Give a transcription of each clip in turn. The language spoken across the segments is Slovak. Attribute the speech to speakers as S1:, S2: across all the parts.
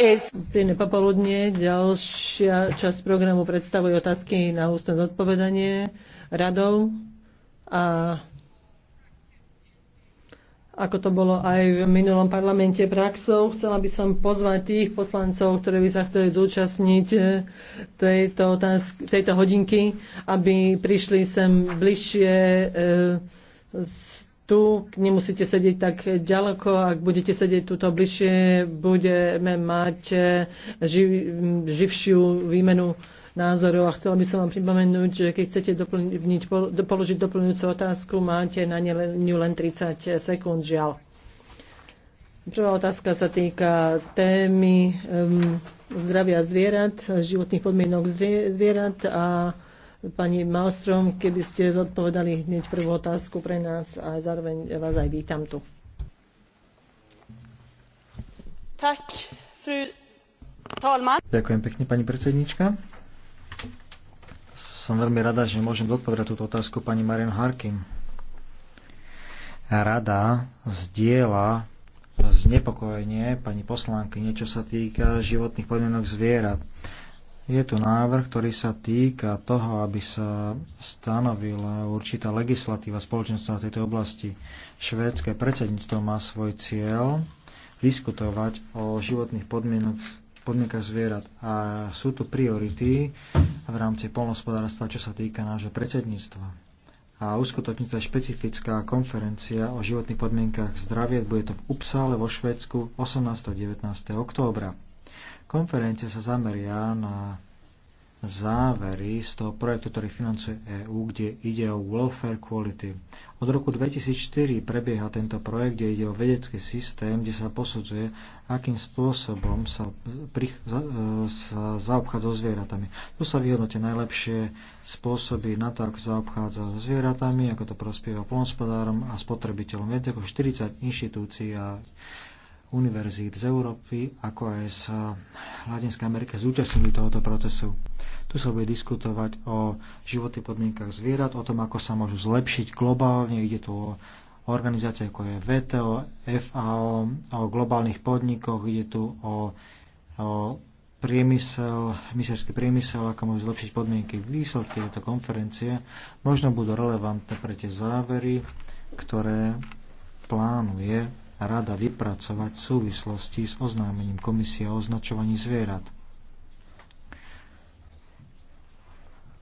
S1: is... Príjemné popoludne. Ďalšia časť programu predstavuje otázky na ústne zodpovedanie radov. A ako to bolo aj v minulom parlamente praxou, chcela by som pozvať tých poslancov, ktorí by sa chceli zúčastniť eh, tejto, otázky, tejto hodinky, aby prišli sem bližšie e, s, tu, nemusíte sedieť tak ďaleko, ak budete sedieť tuto bližšie, budeme mať eh, živ, živšiu výmenu názorov a chcela by som vám pripomenúť, že keď chcete doplniť, položiť doplňujúcu otázku, máte na ňu len 30 sekúnd, žiaľ. Prvá otázka sa týka témy um, zdravia zvierat, životných podmienok zvierat a Pani Malstrom, keby ste zodpovedali hneď prvú otázku pre nás a zároveň vás aj vítam tu.
S2: Tak, fru Talman. Ďakujem
S3: pekne, pani predsednička. Som veľmi rada, že môžem zodpovedať túto otázku pani Marian Harkin. Rada zdieľa znepokojenie pani poslanky, niečo sa týka životných podmienok zvierat. Je tu návrh, ktorý sa týka toho, aby sa stanovila určitá legislatíva spoločenstva v tejto oblasti. Švédske predsedníctvo má svoj cieľ diskutovať o životných podmienok, podmienkach zvierat. A sú tu priority v rámci polnospodárstva, čo sa týka nášho predsedníctva. A uskutoční sa špecifická konferencia o životných podmienkach zdravia. Bude to v Upsále vo Švédsku 18. a 19. októbra. Konferencia sa zameria na závery z toho projektu, ktorý financuje EÚ, kde ide o welfare quality. Od roku 2004 prebieha tento projekt, kde ide o vedecký systém, kde sa posudzuje, akým spôsobom sa, pri, za, e, sa zaobchádza so zvieratami. Tu sa vyhodnotia najlepšie spôsoby na to, ako zaobchádza so zvieratami, ako to prospieva plnospodárom a spotrebiteľom. Viac ako 40 inštitúcií a univerzít z Európy, ako aj z eh, Latinskej Ameriky zúčastnili tohoto procesu. Tu sa bude diskutovať o životných podmienkach zvierat, o tom, ako sa môžu zlepšiť globálne. Ide tu o organizácie ako je VTO, FAO, o globálnych podnikoch, ide tu o, o priemysel, miserský priemysel, ako môžu zlepšiť podmienky. Výsledky tejto konferencie možno budú relevantné pre tie závery, ktoré plánuje rada vypracovať v súvislosti s oznámením komisie o označovaní zvierat.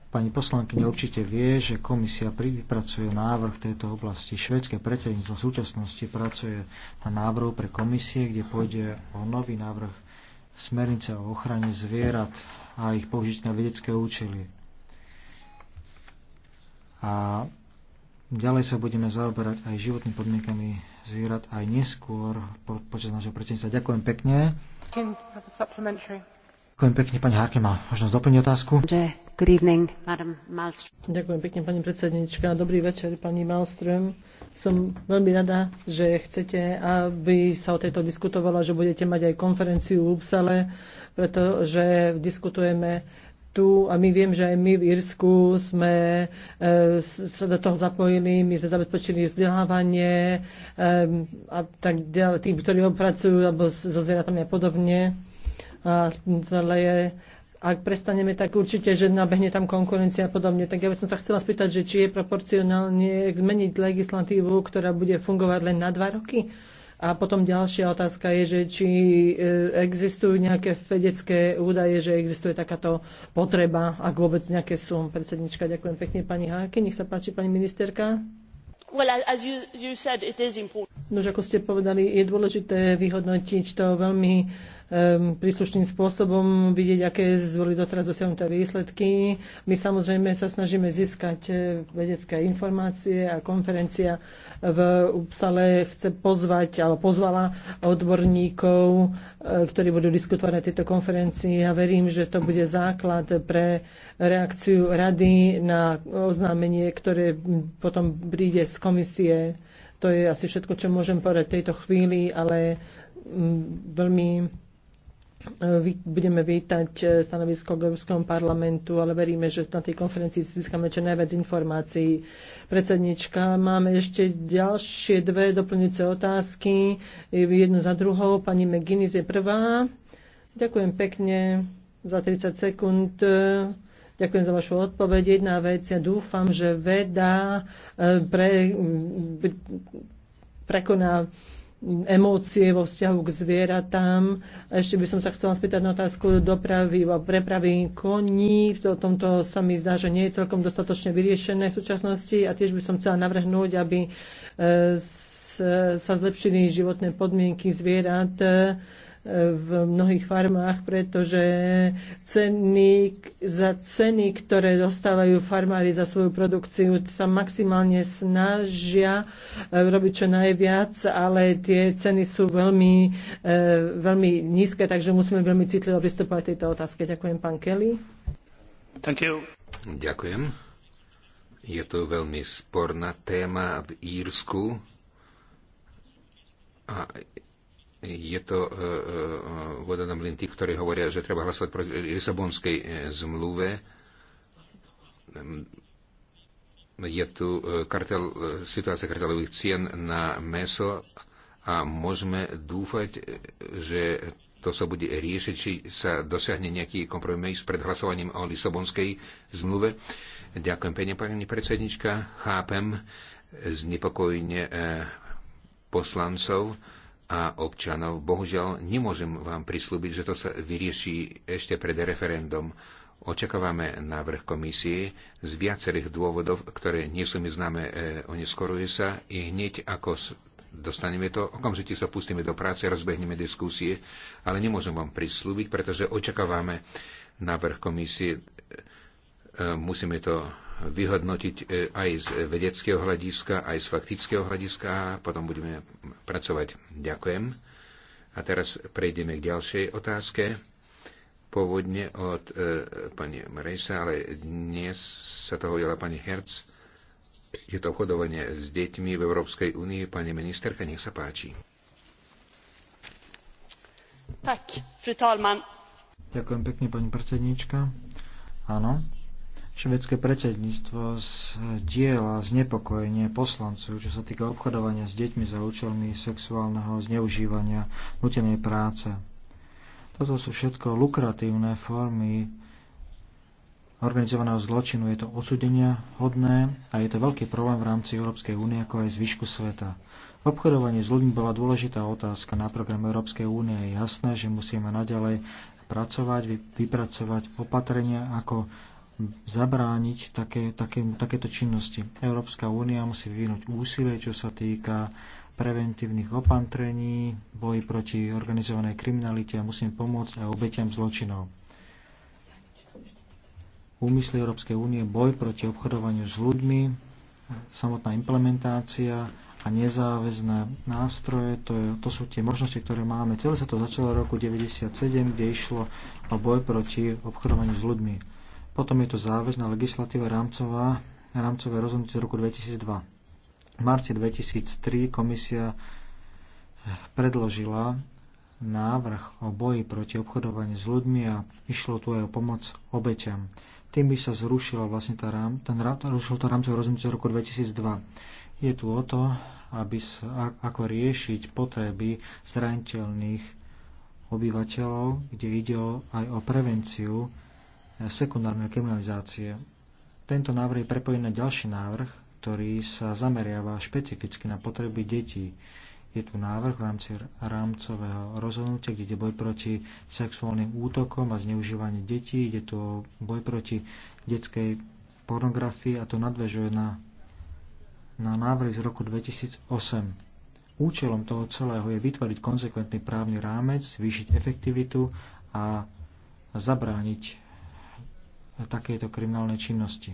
S3: Pani poslankyňa určite vie, že komisia vypracuje návrh tejto oblasti. Švedské predsedníctvo v súčasnosti pracuje na návrhu pre komisie, kde pôjde o nový návrh smernice o ochrane zvierat a ich použiť na vedecké účely. A Ďalej sa budeme zaoberať aj životnými podmienkami zvierat aj neskôr po, počas nášho predsedníctva. Ďakujem pekne. Ďakujem pekne, pani Harke má možnosť doplniť otázku.
S1: Ďakujem pekne, pani predsednička. Dobrý večer, pani Malström. Som veľmi rada, že chcete, aby sa o tejto diskutovala, že budete mať aj konferenciu v Upsale, pretože diskutujeme tu, a my viem, že aj my v Írsku sme eh, sa do toho zapojili, my sme zabezpečili vzdelávanie eh, a tak ďalej, tým, ktorí opracujú alebo so zvieratami a podobne. A je ak prestaneme, tak určite, že nabehne tam konkurencia a podobne. Tak ja by som sa chcela spýtať, že či je proporcionálne zmeniť legislatívu, ktorá bude fungovať len na dva roky, a potom ďalšia otázka je, že či e, existujú nejaké vedecké údaje, že existuje takáto potreba, ak vôbec nejaké sú. Predsednička, ďakujem pekne pani Háke. Nech sa páči, pani ministerka.
S2: Well, as you, you said, it is important.
S1: No, ako ste povedali, je dôležité vyhodnotiť to veľmi príslušným spôsobom vidieť, aké zvoli doteraz dosiahnuté výsledky. My samozrejme sa snažíme získať eh, vedecké informácie a konferencia v Upsale chce pozvať alebo pozvala odborníkov, eh, ktorí budú diskutovať na tejto konferencii. Ja verím, že to bude základ pre reakciu rady na oznámenie, ktoré potom príde z komisie. To je asi všetko, čo môžem povedať v tejto chvíli, ale mm, veľmi Eh, budeme vítať eh, stanovisko Európskom parlamentu, ale veríme, že na tej konferencii získame čo najviac informácií. Predsednička, máme ešte ďalšie dve doplňujúce otázky, jednu za druhou. Pani McGuinness je prvá. Ďakujem pekne za 30 sekúnd. Eh, ďakujem za vašu odpoveď. Jedna vec, ja dúfam, že veda pre, prekoná emócie vo vzťahu k zvieratám. Ešte by som sa chcela spýtať na otázku dopravy a prepravy koní. V tomto sa mi zdá, že nie je celkom dostatočne vyriešené v súčasnosti a tiež by som chcela navrhnúť, aby e, sa zlepšili životné podmienky zvierat v mnohých farmách, pretože ceny, za ceny, ktoré dostávajú farmári za svoju produkciu, sa maximálne snažia e, robiť čo najviac, ale tie ceny sú veľmi, e, veľmi nízke, takže musíme veľmi citlivo pristupovať tejto otázke. Ďakujem, pán Kelly.
S4: Thank you. Ďakujem. Je to veľmi sporná téma v Írsku. A je to e, e, e, voda na mlin tých, ktorí hovoria, že treba hlasovať proti Lisabonskej zmluve. Je tu kartel, situácia kartelových cien na meso a môžeme dúfať, že to sa bude riešiť, či sa dosiahne nejaký kompromis pred hlasovaním o Lisabonskej zmluve. Ďakujem pekne, pani predsednička. Chápem znepokojenie poslancov a občanov. Bohužiaľ, nemôžem vám prislúbiť, že to sa vyrieši ešte pred referendum. Očakávame návrh komisie z viacerých dôvodov, ktoré nie sú mi známe, e, oneskoruje sa i hneď ako dostaneme to, okamžite sa pustíme do práce, rozbehneme diskusie, ale nemôžem vám prislúbiť, pretože očakávame návrh komisie, e, musíme to vyhodnotiť e, aj z vedeckého hľadiska, aj z faktického hľadiska a potom budeme pracovať. Ďakujem. A teraz prejdeme k ďalšej otázke. Pôvodne od e, pani Marejsa, ale dnes sa to hovorila pani Herc. Je to obchodovanie s deťmi v Európskej únii. Pani ministerka, nech sa páči.
S2: Tak, fru
S3: Ďakujem pekne, pani predsedníčka. Áno, Švedské predsedníctvo zdieľa znepokojenie poslancov, čo sa týka obchodovania s deťmi za účelmi sexuálneho zneužívania nutenej práce. Toto sú všetko lukratívne formy organizovaného zločinu. Je to odsudenia hodné a je to veľký problém v rámci Európskej únie ako aj zvyšku sveta. Obchodovanie s ľuďmi bola dôležitá otázka na program Európskej únie. Je jasné, že musíme naďalej pracovať, vypracovať opatrenia, ako zabrániť také, také, takéto činnosti. Európska únia musí vyvinúť úsilie, čo sa týka preventívnych opatrení, boji proti organizovanej kriminalite a musíme pomôcť aj obetiam zločinov. Úmysly Európskej únie boj proti obchodovaniu s ľuďmi, samotná implementácia a nezáväzné nástroje, to, je, to sú tie možnosti, ktoré máme. Celé sa to začalo v roku 1997, kde išlo o boj proti obchodovaniu s ľuďmi potom je tu záväzná legislatíva rámcová, rámcové rozhodnutie z roku 2002. V marci 2003 komisia predložila návrh o boji proti obchodovaniu s ľuďmi a išlo tu aj o pomoc obeťam. Tým by sa zrušilo vlastne tá rám, ten, rušilo to rámcové rozhodnutie z roku 2002. Je tu o to, aby sa, ako riešiť potreby zraniteľných obyvateľov, kde ide aj o prevenciu sekundárnej kriminalizácie. Tento návrh je prepojený na ďalší návrh, ktorý sa zameriava špecificky na potreby detí. Je tu návrh v rámci rámcového rozhodnutia, kde ide boj proti sexuálnym útokom a zneužívaniu detí, ide tu boj proti detskej pornografii a to nadvežuje na, na návrh z roku 2008. Účelom toho celého je vytvoriť konsekventný právny rámec, zvýšiť efektivitu a zabrániť takéto kriminálnej činnosti.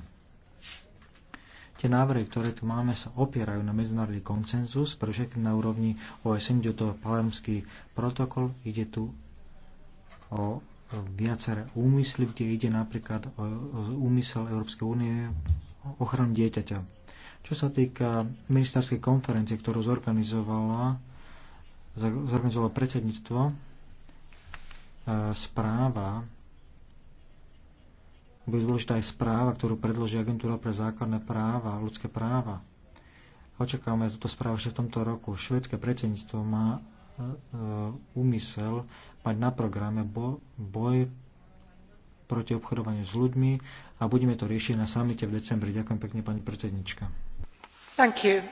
S3: Tie návrhy, ktoré tu máme, sa opierajú na medzinárodný koncenzus, pre všetkým na úrovni OSN, ide to palermský protokol, ide tu o viaceré úmysly, kde ide napríklad o úmysel Európskej únie ochranu dieťaťa. Čo sa týka ministerskej konferencie, ktorú zorganizovala, zorganizovalo predsedníctvo, e, správa bude dôležitá aj správa, ktorú predloží Agentúra pre základné práva, ľudské práva. Očakávame túto správu ešte v tomto roku. Švedské predsedníctvo má e, e, úmysel mať na programe boj proti obchodovaniu s ľuďmi a budeme to riešiť na samite v decembri. Ďakujem pekne, pani predsednička.
S1: Thank you.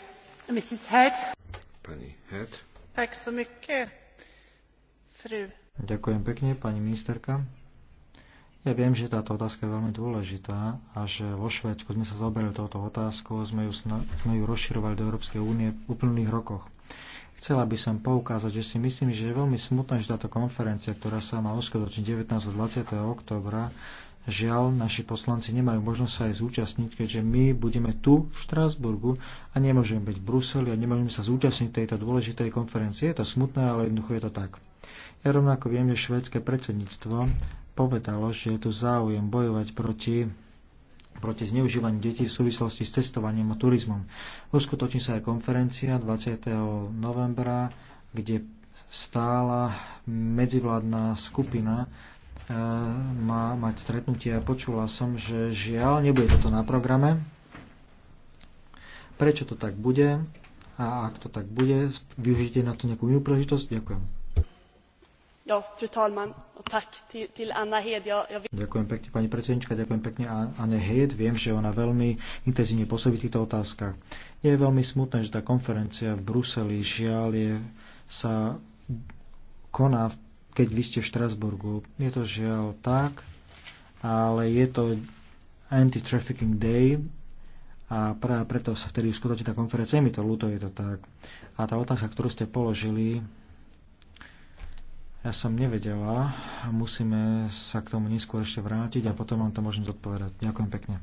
S1: Mrs. Head.
S3: Pani Head.
S1: Tak so mycket, fru.
S3: Ďakujem pekne, pani ministerka. Ja viem, že táto otázka je veľmi dôležitá a že vo Švedsku sme sa zaoberali touto otázkou, sme ju, sme ju rozširovali do Európskej únie v úplných rokoch. Chcela by som poukázať, že si myslím, že je veľmi smutné, že táto konferencia, ktorá sa má uskutočniť 19. a 20. oktobra, žiaľ, naši poslanci nemajú možnosť sa aj zúčastniť, keďže my budeme tu v Štrásburgu a nemôžeme byť v Bruseli a nemôžeme sa zúčastniť tejto dôležitej konferencie. Je to smutné, ale jednoducho je to tak. Ja rovnako viem, že švédske predsedníctvo povedalo, že je tu záujem bojovať proti, proti zneužívaniu detí v súvislosti s testovaním a turizmom. Uskutoční sa aj konferencia 20. novembra, kde stála medzivládna skupina e, má mať stretnutie a počula som, že žiaľ, nebude toto na programe. Prečo to tak bude? A ak to tak bude, využite na to nejakú inú príležitosť? Ďakujem.
S2: Ďakujem
S3: pekne, pani predsednička, ďakujem pekne Anne Hed. Viem, že ona veľmi intenzívne pôsobí v týchto otázkach. Je veľmi smutné, že tá konferencia v Bruseli žiaľ je, sa koná, keď vy ste v Štrasburgu. Je to žiaľ tak, ale je to Anti-Trafficking Day, a práve preto sa vtedy uskutoční tá konferencia. Je mi to ľúto, je to tak. A tá otázka, ktorú ste položili, ja som nevedela a musíme sa k tomu neskôr ešte vrátiť a potom vám to môžem zodpovedať. Ďakujem pekne.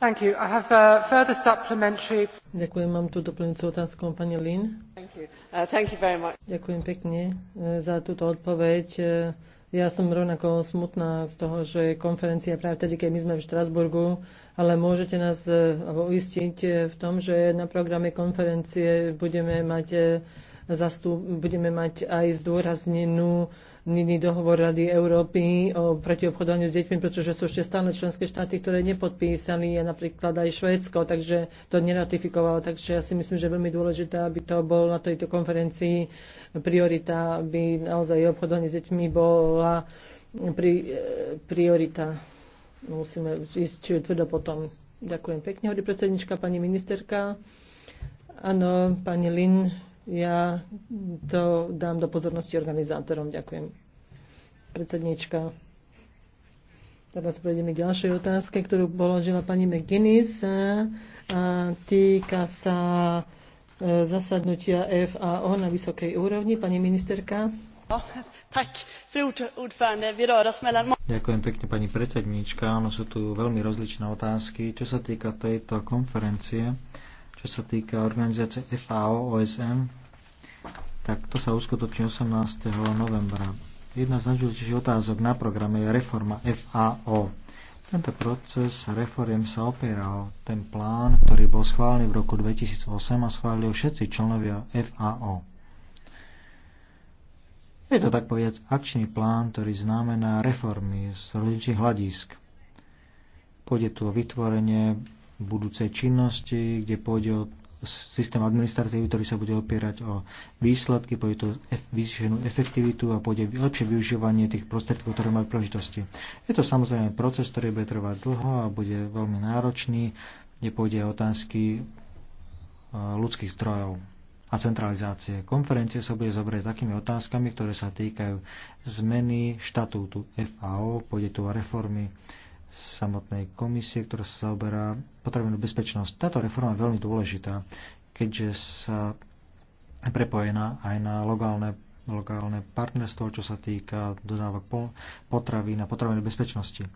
S2: Thank you.
S1: I have a uh, further supplementary... Ďakujem, mám tu doplňujúcu otázku, pani Lin. Thank you. Uh, thank you very much. Ďakujem pekne uh, za túto odpoveď. Uh, ja som rovnako smutná z toho, že je konferencia práve tedy, keď my sme v Štrasburgu, ale môžete nás uistiť v tom, že na programe konferencie budeme mať zastú, budeme mať aj zdôraznenú nyní dohovor Rady Európy o protiobchodovaniu s deťmi, pretože sú ešte stále členské štáty, ktoré nepodpísali, a napríklad aj Švédsko, takže to neratifikovalo. Takže ja si myslím, že je veľmi dôležité, aby to bol na tejto konferencii priorita, aby naozaj obchodovanie s deťmi bola pri, priorita. Musíme ísť tvrdo potom. Ďakujem pekne, hovorí predsednička, pani ministerka. Áno, pani Lin, ja to dám do pozornosti organizátorom. Ďakujem. Predsednička. Teraz prejdeme k ďalšej otázke, ktorú položila pani McGuinness. A týka sa e, zasadnutia FAO
S2: na vysokej úrovni. Pani ministerka.
S3: Ďakujem pekne, pani predsedníčka. Áno, sú tu veľmi rozličné otázky. Čo sa týka tejto konferencie, čo sa týka organizácie FAO OSM, tak to sa uskutoční 18. novembra. Jedna z najdôležitejších otázok na programe je reforma FAO. Tento proces reforiem sa opieral ten plán, ktorý bol schválený v roku 2008 a schválili všetci členovia FAO. Je to tak povedať akčný plán, ktorý znamená reformy z rodičných hľadísk. Pôjde tu o vytvorenie budúcej činnosti, kde pôjde o systém administratívy, ktorý sa bude opierať o výsledky, pôjde o vyššenú efektivitu a pôjde lepšie využívanie tých prostriedkov, ktoré majú príležitosti. Je to samozrejme proces, ktorý bude trvať dlho a bude veľmi náročný, kde pôjde o otázky e, ľudských zdrojov a centralizácie. Konferencie sa bude zobrať takými otázkami, ktoré sa týkajú zmeny štatútu FAO, pôjde tu o reformy samotnej komisie, ktorá sa zaoberá potravinovou bezpečnosť. Táto reforma je veľmi dôležitá, keďže sa prepojená aj na lokálne, lokálne partnerstvo, čo sa týka dodávok potravín a potravinej bezpečnosti.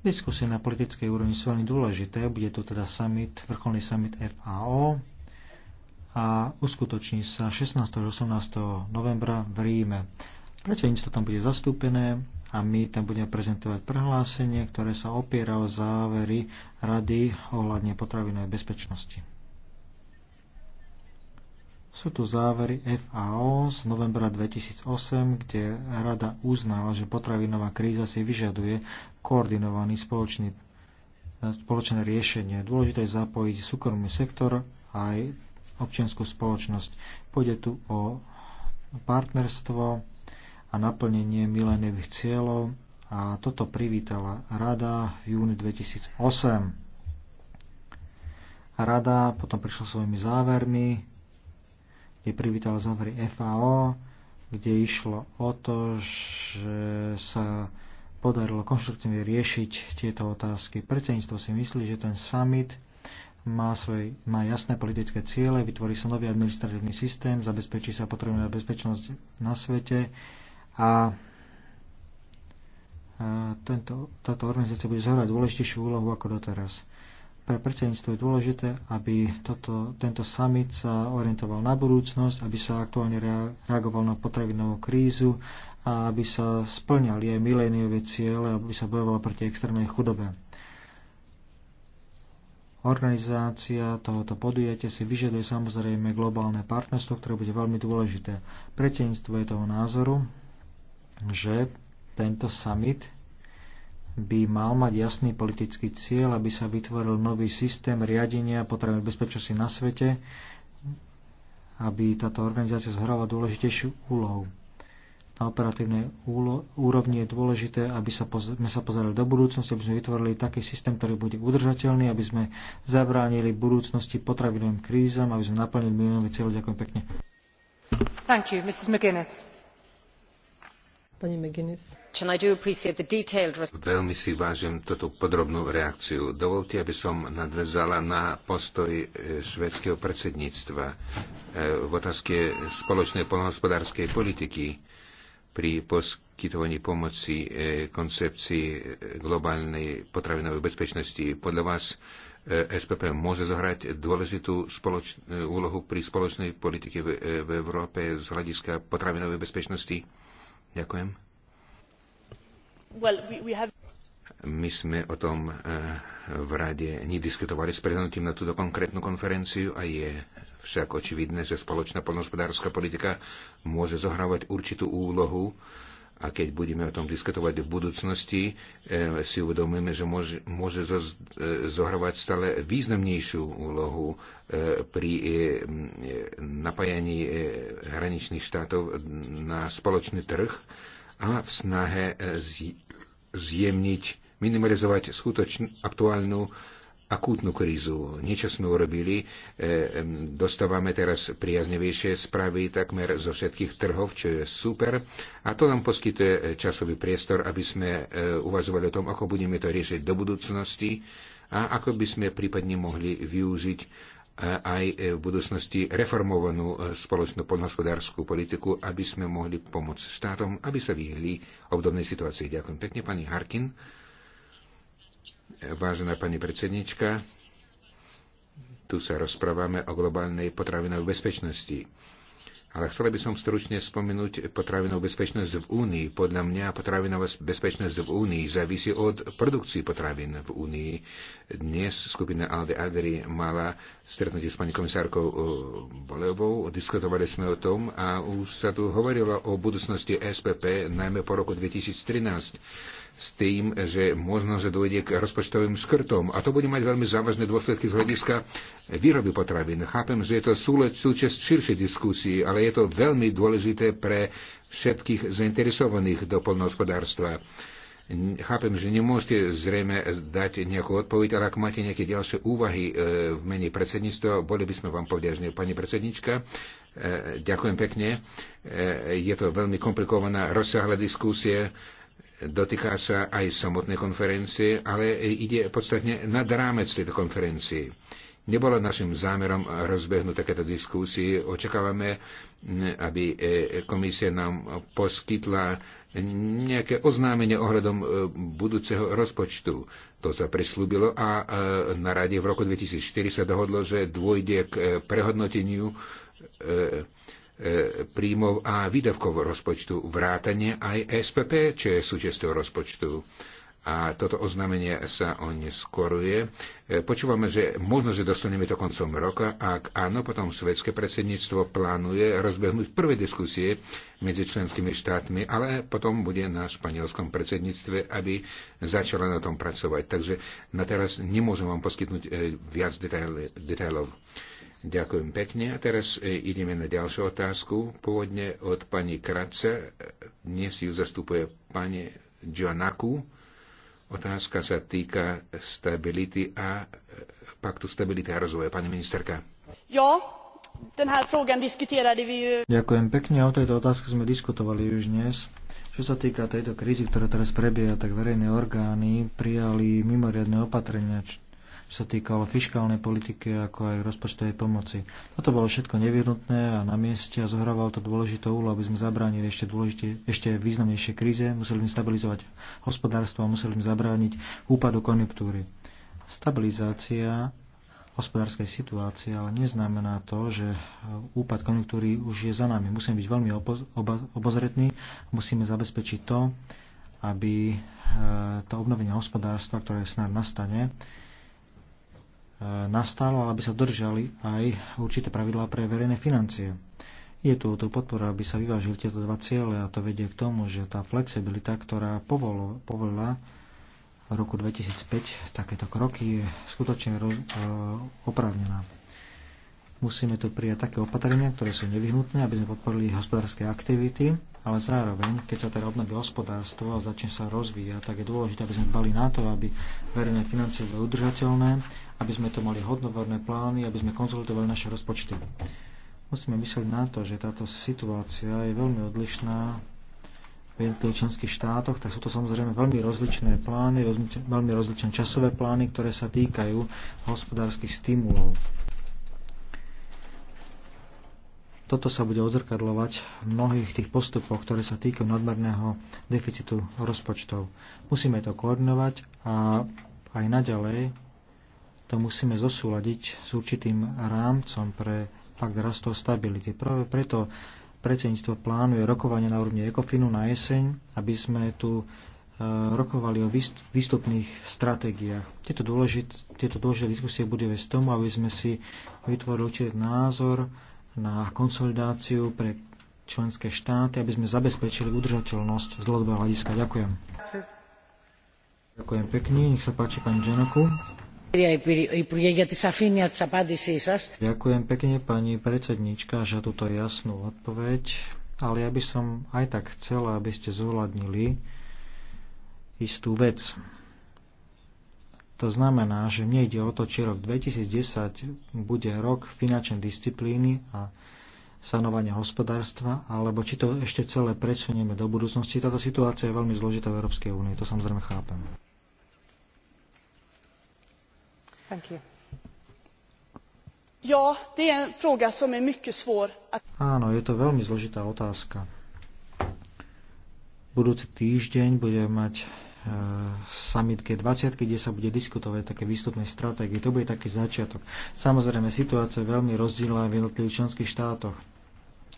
S3: Diskusie na politickej úrovni sú veľmi dôležité. Bude tu teda summit, vrcholný summit FAO a uskutoční sa 16. až 18. novembra v Ríme. Predsedníctvo tam bude zastúpené, a my tam budeme prezentovať prehlásenie, ktoré sa opiera o závery Rady ohľadne potravinovej bezpečnosti. Sú tu závery FAO z novembra 2008, kde Rada uznala, že potravinová kríza si vyžaduje koordinovaný spoločný, spoločné riešenie. Dôležité je zapojiť súkromný sektor aj občianskú spoločnosť. Pôjde tu o partnerstvo, a naplnenie miléniových cieľov a toto privítala Rada v júni 2008. Rada potom prišla svojimi závermi, kde privítala závery FAO, kde išlo o to, že sa podarilo konštruktívne riešiť tieto otázky. Predsedníctvo si myslí, že ten summit má, svoj, má jasné politické ciele, vytvorí sa nový administratívny systém, zabezpečí sa potrebná bezpečnosť na svete, a tento, táto organizácia bude zohrať dôležitejšiu úlohu ako doteraz. Pre predsedníctvo je dôležité, aby toto, tento summit sa orientoval na budúcnosť, aby sa aktuálne reagoval na potravinovú krízu a aby sa splňali aj miléniové ciele, aby sa bojovalo proti extrémnej chudobe. Organizácia tohoto podujatia si vyžaduje samozrejme globálne partnerstvo, ktoré bude veľmi dôležité. Predsedníctvo je toho názoru, že tento summit by mal mať jasný politický cieľ, aby sa vytvoril nový systém riadenia potreby bezpečnosti na svete, aby táto organizácia zhrala dôležitejšiu úlohu. Na operatívnej úlo- úrovni je dôležité, aby sa poz- sme sa pozerali do budúcnosti, aby sme vytvorili taký systém, ktorý bude udržateľný, aby sme zabránili budúcnosti potravinovým krízam, aby sme naplnili milionový cieľ. Ďakujem pekne.
S1: Thank you, Mrs. McGuinness. Pani McGuinness.
S4: Veľmi si vážim túto podrobnú reakciu. Dovolte, aby som nadvezala na postoj e, švedského predsedníctva e, v otázke spoločnej polnohospodárskej politiky pri poskytovaní pomoci e, koncepcii globálnej potravinovej bezpečnosti. Podľa vás SPP môže zohrať dôležitú spoloč- úlohu pri spoločnej politike v, v Európe z hľadiska potravinovej bezpečnosti? Ďakujem.
S2: Well, we, we have...
S4: My sme o tom eh, v rade nediskutovali s prehnutím na túto konkrétnu konferenciu a je však očividné, že spoločná poľnohospodárska politika môže zohrávať určitú úlohu a keď budeme o tom diskutovať v budúcnosti, e, si uvedomíme, že môže, môže e, zohrávať stále významnejšiu úlohu e, pri napájaní hraničných štátov na spoločný trh a v snahe zjemniť, minimalizovať skutočnú aktuálnu akútnu krízu. Niečo sme urobili, e, dostávame teraz priaznevejšie správy takmer zo všetkých trhov, čo je super. A to nám poskytuje e, časový priestor, aby sme e, uvažovali o tom, ako budeme to riešiť do budúcnosti a ako by sme prípadne mohli využiť aj v budúcnosti reformovanú spoločnú poľnohospodárskú politiku, aby sme mohli pomôcť štátom, aby sa vyhli obdobnej situácii. Ďakujem pekne, pani Harkin vážená pani predsednička. Tu sa rozprávame o globálnej potravinovej bezpečnosti. Ale chcela by som stručne spomenúť potravinovú bezpečnosť v Únii. Podľa mňa potravinová bezpečnosť v Únii závisí od produkcie potravín v Únii. Dnes skupina Alde Agri mala stretnutie s pani komisárkou eh, Bolevou. Diskutovali sme o tom a už sa tu hovorilo o budúcnosti SPP, najmä po roku 2013 s tým, že možno, že dojde k rozpočtovým skrtom A to bude mať veľmi závažné dôsledky z hľadiska výroby potravín. Chápem, že je to súleč, súčasť širšej diskusii, ale je to veľmi dôležité pre všetkých zainteresovaných do polnohospodárstva. Chápem, že nemôžete zrejme dať nejakú odpoveď, ale ak máte nejaké ďalšie úvahy e, v mene predsedníctva, boli by sme vám povďažní. Pani predsednička, e, ďakujem pekne. E, je to veľmi komplikovaná, rozsiahla diskusie dotýka sa aj samotnej konferencie, ale ide podstatne nad rámec tejto konferencie. Nebolo našim zámerom rozbehnúť takéto diskusie. Očakávame, aby e, komisia nám poskytla nejaké oznámenie ohľadom e, budúceho rozpočtu. To sa prislúbilo a e, na rade v roku 2004 sa dohodlo, že dôjde k prehodnoteniu príjmov a výdavkov rozpočtu, vrátane aj SPP, čo je súčasťou rozpočtu. A toto oznámenie sa o oneskoruje. E, počúvame, že možno, že dostaneme to koncom roka. Ak áno, potom švedské predsedníctvo plánuje rozbehnúť prvé diskusie medzi členskými štátmi, ale potom bude na španielskom predsedníctve, aby začala na tom pracovať. Takže na teraz nemôžem vám poskytnúť e, viac detailov. Ďakujem pekne. A teraz e, ideme na ďalšiu otázku. Pôvodne od pani Kratce. Dnes ju zastupuje pani Gianaku. Otázka sa týka stability a e, paktu stability a rozvoja. Pani ministerka.
S2: Jo, ten frågan Ďakujem
S3: pekne. O tejto otázke sme diskutovali už dnes. Čo sa týka tejto krízy, ktorá teraz prebieha, tak verejné orgány prijali mimoriadne opatrenia, čo sa týkalo fiskálnej politiky, ako aj rozpočtovej pomoci. Toto bolo všetko nevyhnutné a na mieste a zohrávalo to dôležitú úlohu, aby sme zabránili ešte, dôležite, ešte významnejšie kríze, museli sme stabilizovať hospodárstvo a museli sme zabrániť úpadu konjunktúry. Stabilizácia hospodárskej situácie, ale neznamená to, že úpad konjunktúry už je za nami. Musíme byť veľmi obozretní, musíme zabezpečiť to, aby e, to obnovenie hospodárstva, ktoré snad nastane, nastalo, ale aby sa držali aj určité pravidlá pre verejné financie. Je tu to podpora, aby sa vyvážili tieto dva ciele a to vedie k tomu, že tá flexibilita, ktorá povolo, povolila v roku 2005 takéto kroky, je skutočne roz, e, oprávnená. Musíme tu prijať také opatrenia, ktoré sú nevyhnutné, aby sme podporili hospodárske aktivity, ale zároveň, keď sa teda obnoví hospodárstvo a začne sa rozvíjať, tak je dôležité, aby sme dbali na to, aby verejné financie boli udržateľné aby sme to mali hodnoverné plány, aby sme konzultovali naše rozpočty. Musíme myslieť na to, že táto situácia je veľmi odlišná v jednotlivých členských štátoch, tak sú to samozrejme veľmi rozličné plány, veľmi rozličné časové plány, ktoré sa týkajú hospodárskych stimulov. Toto sa bude odzrkadlovať v mnohých tých postupoch, ktoré sa týkajú nadmerného deficitu rozpočtov. Musíme to koordinovať a aj naďalej to musíme zosúľadiť s určitým rámcom pre fakt rastov stability. Práve preto predsedníctvo plánuje rokovanie na úrovni ECOFINu na jeseň, aby sme tu e, rokovali o výstupných stratégiách. Tieto dôležité, tieto dôležité diskusie budú viesť tomu, aby sme si vytvorili určitý názor na konsolidáciu pre členské štáty, aby sme zabezpečili udržateľnosť z dlhodobého hľadiska. Ďakujem. Ďakujem pekne, nech sa páči pán Dženoku. Ďakujem pekne pani predsednička za túto jasnú odpoveď, ale ja by som aj tak chcela, aby ste zohľadnili istú vec. To znamená, že mne ide o to, či rok 2010 bude rok finančnej disciplíny a sanovania hospodárstva, alebo či to ešte celé presunieme do budúcnosti. Táto situácia je veľmi zložitá v Európskej únii, to samozrejme chápem. Áno, je to veľmi zložitá otázka. Budúci týždeň bude mať e, summit G20, kde sa bude diskutovať také výstupné stratégie. To bude taký začiatok. Samozrejme, situácia je veľmi rozdielna v jednotlivých členských štátoch.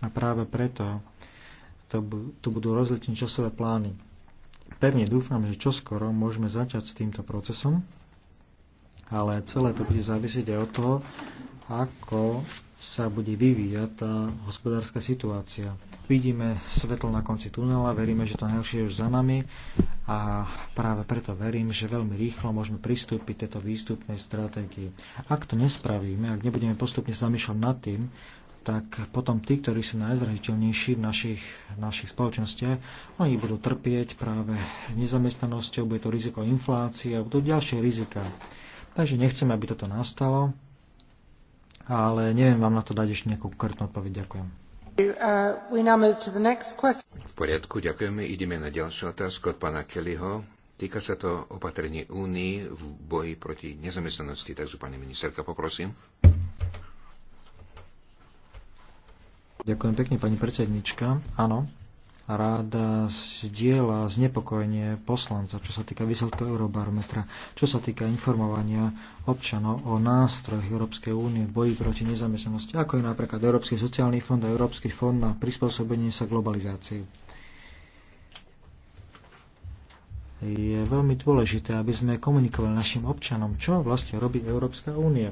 S3: A práve preto to, tu budú rozličné časové plány. Pevne dúfam, že čoskoro môžeme začať s týmto procesom ale celé to bude závisieť aj od toho, ako sa bude vyvíjať tá hospodárska situácia. Vidíme svetlo na konci tunela, veríme, že to najhoršie je už za nami a práve preto verím, že veľmi rýchlo môžeme pristúpiť tejto výstupnej stratégii. Ak to nespravíme, ak nebudeme postupne zamýšľať nad tým, tak potom tí, ktorí sú najzraniteľnejší v našich, našich spoločnostiach, oni budú trpieť práve nezamestnanosťou, bude to riziko inflácie a budú ďalšie rizika. Takže nechcem, aby toto nastalo, ale neviem vám na to dať ešte nejakú konkrétnu odpoveď. Ďakujem.
S4: Uh, v poriadku, ďakujeme. Ideme na ďalšiu otázku od pána Kellyho. Týka sa to opatrení Únii v boji proti nezamestnanosti. Takže pani ministerka, poprosím.
S3: Ďakujem pekne, pani predsednička. Áno, rada zdieľa znepokojenie poslanca, čo sa týka výsledkov Eurobarometra, čo sa týka informovania občanov o nástrojoch Európskej únie v boji proti nezamestnanosti, ako je napríklad Európsky sociálny fond a Európsky fond na prispôsobenie sa globalizácii. Je veľmi dôležité, aby sme komunikovali našim občanom, čo vlastne robí Európska únia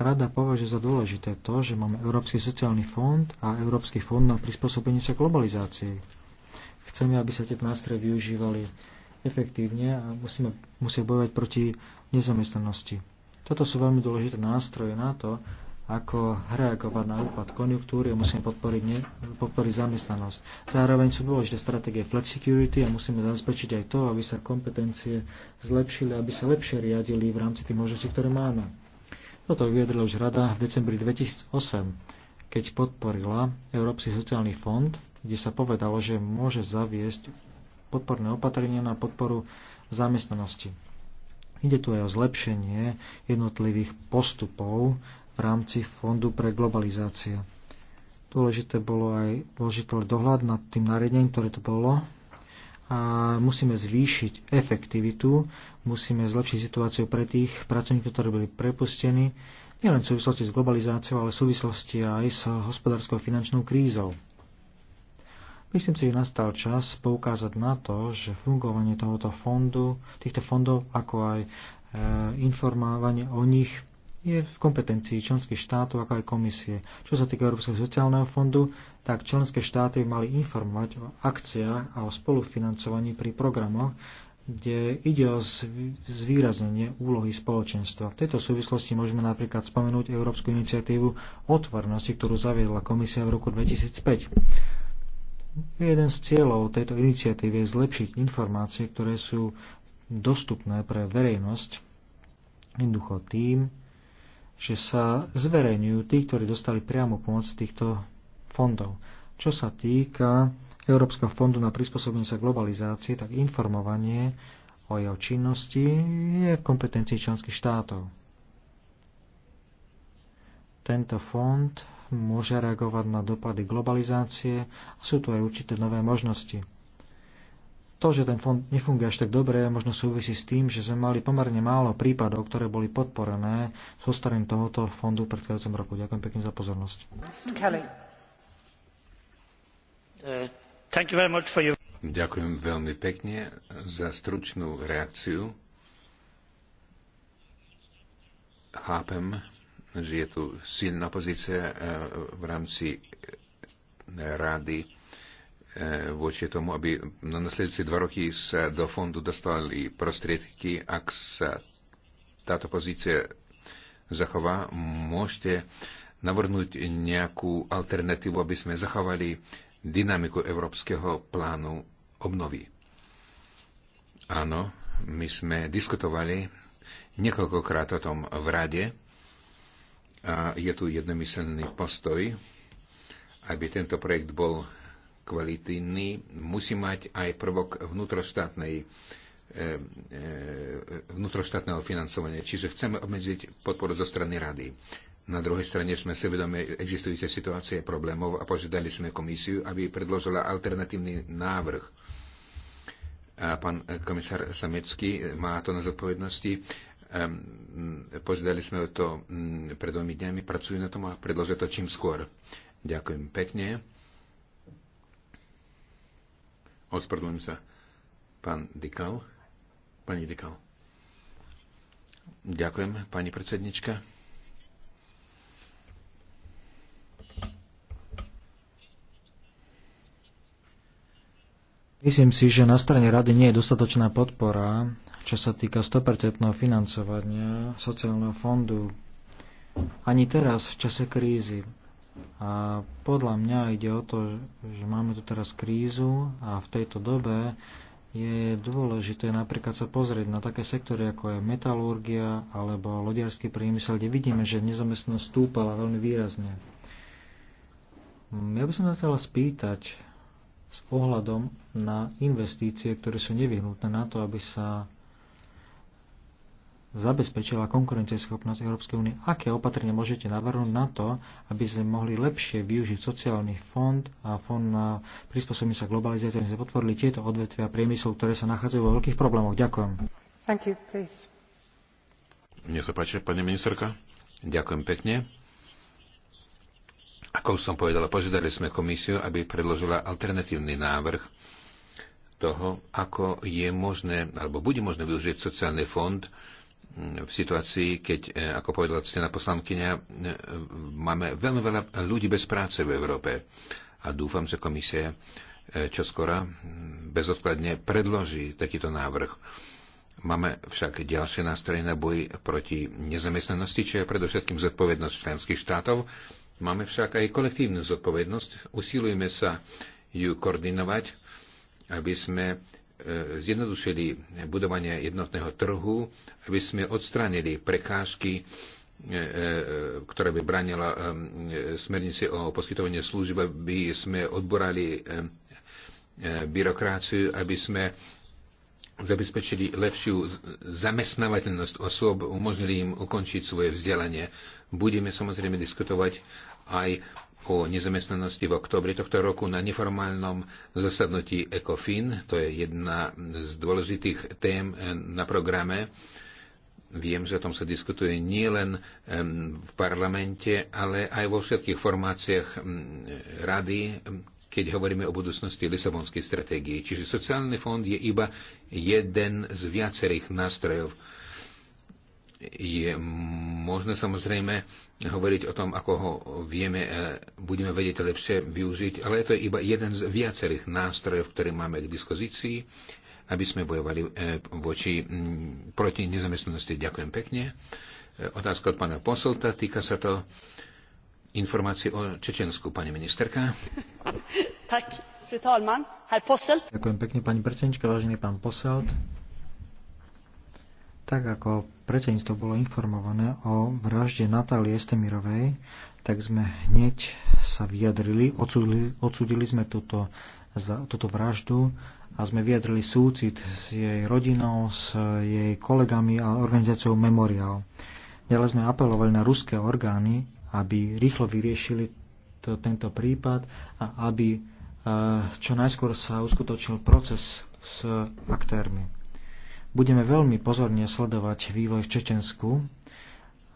S3: Rada považuje za dôležité to, že máme Európsky sociálny fond a Európsky fond na prispôsobenie sa globalizácii. Chceme, aby sa tie nástroje využívali efektívne a musíme, musia bojovať proti nezamestnanosti. Toto sú veľmi dôležité nástroje na to, ako reagovať na úpad konjunktúry a musíme podporiť, ne, podporiť zamestnanosť. Zároveň sú dôležité stratégie flexicurity a musíme zabezpečiť aj to, aby sa kompetencie zlepšili, aby sa lepšie riadili v rámci tých možností, ktoré máme. Toto vyjadrila už rada v decembri 2008, keď podporila Európsky sociálny fond, kde sa povedalo, že môže zaviesť podporné opatrenia na podporu zamestnanosti. Ide tu aj o zlepšenie jednotlivých postupov v rámci Fondu pre globalizáciu. Dôležité bolo aj dôležité dohľad nad tým nariadením, ktoré to bolo a musíme zvýšiť efektivitu, musíme zlepšiť situáciu pre tých pracovníkov, ktorí boli prepustení, nielen v súvislosti s globalizáciou, ale v súvislosti aj s hospodárskou finančnou krízou. Myslím si, že nastal čas poukázať na to, že fungovanie tohoto fondu, týchto fondov, ako aj e, informovanie o nich je v kompetencii členských štátov, ako aj komisie. Čo sa týka Európskeho sociálneho fondu, tak členské štáty mali informovať o akciách a o spolufinancovaní pri programoch, kde ide o zvýraznenie úlohy spoločenstva. V tejto súvislosti môžeme napríklad spomenúť Európsku iniciatívu otvornosti, ktorú zaviedla komisia v roku 2005. Jeden z cieľov tejto iniciatívy je zlepšiť informácie, ktoré sú dostupné pre verejnosť, jednoducho tým, že sa zverejňujú tí, ktorí dostali priamo pomoc týchto fondov. Čo sa týka Európskeho fondu na prispôsobenie sa globalizácie, tak informovanie o jeho činnosti je v kompetencii členských štátov. Tento fond môže reagovať na dopady globalizácie a sú tu aj určité nové možnosti. To, že ten fond nefunguje až tak dobre, možno súvisí s tým, že sme mali pomerne málo prípadov, ktoré boli podporené so starým tohoto fondu v predchádzajúcom roku. Ďakujem pekne za pozornosť.
S4: Uh, Ďakujem veľmi pekne za stručnú reakciu. Chápem, že je tu silná pozícia uh, v rámci uh, rady Eh, voči tomu, aby na nasledujúce dva roky sa do fondu dostali prostriedky. Ak sa táto pozícia zachová, môžete navrhnúť nejakú alternatívu, aby sme zachovali dynamiku Európskeho plánu obnovy. Áno, my sme diskutovali niekoľkokrát o tom v rade a je tu jednomyselný postoj, aby tento projekt bol kvalitný, musí mať aj prvok vnútroštátnej e, e, vnútroštátneho financovania. Čiže chceme obmedziť podporu zo strany rady. Na druhej strane sme si vedomi existujúce situácie problémov a požiadali sme komisiu, aby predložila alternatívny návrh. A pán komisár Samecký má to na zodpovednosti. Ehm, požiadali sme o to pred dvomi dňami, pracujú na tom a predložia to čím skôr. Ďakujem pekne. Ospravedlňujem sa. Pán Dikal. Pani Dikal. Ďakujem, pani predsednička.
S3: Myslím si, že na strane rady nie je dostatočná podpora, čo sa týka 100% financovania sociálneho fondu. Ani teraz, v čase krízy. A podľa mňa ide o to, že máme tu teraz krízu a v tejto dobe je dôležité napríklad sa pozrieť na také sektory, ako je metalurgia alebo lodiarský priemysel, kde vidíme, že nezamestnosť stúpala veľmi výrazne. Ja by som sa chcela spýtať s ohľadom na investície, ktoré sú nevyhnutné na to, aby sa zabezpečila konkurencieschopnosť Európskej únie. Aké opatrenia môžete navrhnúť na to, aby sme mohli lepšie využiť sociálny fond a fond na prispôsobenie sa globalizácii, aby sme podporili tieto odvetvia priemyslu, ktoré sa nachádzajú vo veľkých problémoch? Ďakujem.
S1: Thank you, please.
S4: Mne sa páči, pani ministerka. Ďakujem pekne. Ako už som povedala, požiadali sme komisiu, aby predložila alternatívny návrh toho, ako je možné, alebo bude možné využiť sociálny fond v situácii, keď, e, ako povedala ctená poslankyňa, e, máme veľmi veľa ľudí bez práce v Európe. A dúfam, že komisia e, čoskora bezodkladne predloží takýto návrh. Máme však ďalšie nástroje na boj proti nezamestnanosti, čo je predovšetkým zodpovednosť členských štátov. Máme však aj kolektívnu zodpovednosť. Usilujeme sa ju koordinovať, aby sme zjednodušili budovanie jednotného trhu, aby sme odstránili prekážky, e, e, ktoré by bránila e, smernici o poskytovanie služby, aby sme odborali byrokráciu, aby sme zabezpečili lepšiu zamestnávateľnosť osôb, umožnili im ukončiť svoje vzdelanie. Budeme samozrejme diskutovať aj o nezamestnanosti v oktobri tohto roku na neformálnom zasadnutí ECOFIN. To je jedna z dôležitých tém eh, na programe. Viem, že o tom sa diskutuje nielen v parlamente, ale aj vo všetkých formáciách rady, keď hovoríme o budúcnosti Lisabonskej stratégie. Čiže sociálny fond je iba jeden z viacerých nástrojov, je možné samozrejme hovoriť o tom, ako ho vieme, e, budeme vedieť lepšie využiť, ale to je iba jeden z viacerých nástrojov, ktoré máme k dispozícii, aby sme bojovali e, voči, mm, proti nezamestnanosti. Ďakujem pekne. E, otázka od pána Posolta, týka sa to informácie o Čečensku, pani ministerka.
S2: Tak, herr Posselt.
S3: Ďakujem pekne, pani predsednička, vážený pán Poselt tak ako predsedníctvo bolo informované o vražde Natálie Estemirovej, tak sme hneď sa vyjadrili, odsudili, odsudili sme túto, za, túto vraždu a sme vyjadrili súcit s jej rodinou, s jej kolegami a organizáciou Memorial. Ďalej sme apelovali na ruské orgány, aby rýchlo vyriešili to, tento prípad a aby e, čo najskôr sa uskutočnil proces s aktérmi. Budeme veľmi pozorne sledovať vývoj v Čečensku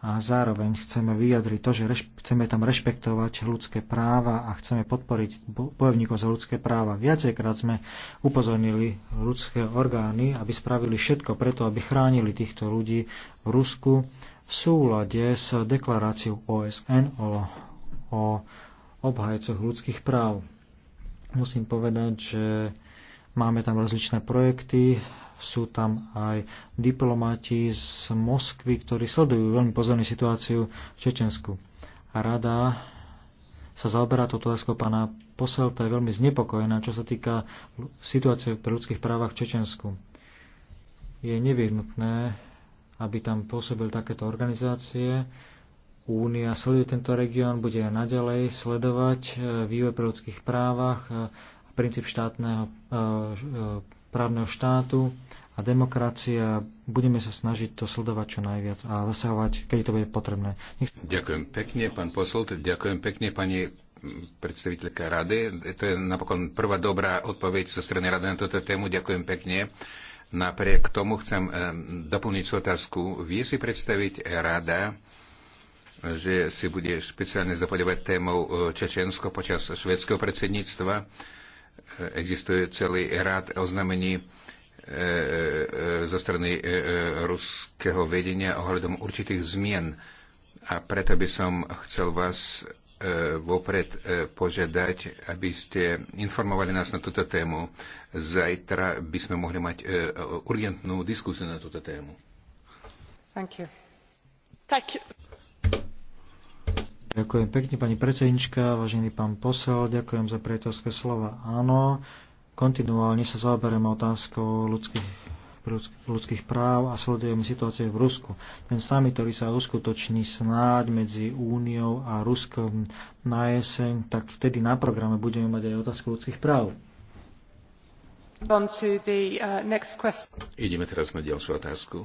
S3: a zároveň chceme vyjadriť to, že reš- chceme tam rešpektovať ľudské práva a chceme podporiť bojovníkov za ľudské práva. Viacejkrát sme upozornili ľudské orgány, aby spravili všetko preto, aby chránili týchto ľudí v Rusku v súlade s deklaráciou OSN o, o obhajcoch ľudských práv. Musím povedať, že máme tam rozličné projekty, sú tam aj diplomati z Moskvy, ktorí sledujú veľmi pozorne situáciu v Čečensku. A rada sa zaoberá toto otázkou pána Poselta je veľmi znepokojená, čo sa týka situácie pri ľudských právach v Čečensku. Je nevyhnutné, aby tam pôsobili takéto organizácie. Únia sleduje tento región, bude aj naďalej sledovať eh, vývoj pri ľudských právach, eh, a princíp štátneho eh, právneho štátu a demokracia. Budeme sa snažiť to sledovať čo najviac a zasahovať, keď to bude potrebné. Nech...
S4: Ďakujem pekne, pán posol, ďakujem pekne, pani predstaviteľka rady. To je napokon prvá dobrá odpoveď zo strany rady na túto tému. Ďakujem pekne. Napriek tomu chcem doplniť otázku. Vie si predstaviť rada, že si bude špeciálne zapodovať témou e, Čečensko počas švedského predsedníctva? existuje celý rád oznamení e, e, e, zo strany ruského vedenia ohľadom určitých zmien. A preto by som chcel vás vopred požiadať, aby ste informovali nás na túto tému. Zajtra by sme mohli mať urgentnú diskusiu na túto tému.
S2: Thank you. Tak.
S3: Ďakujem pekne, pani predsednička, vážený pán posel, ďakujem za priateľské slova. Áno, kontinuálne sa zaoberiem otázkou ľudských, ľudských práv a sledujeme situáciu v Rusku. Ten samý, ktorý sa uskutoční snáď medzi Úniou a Ruskom na jeseň, tak vtedy na programe budeme mať aj otázku ľudských práv.
S1: Uh,
S4: Ideme teraz na ďalšiu otázku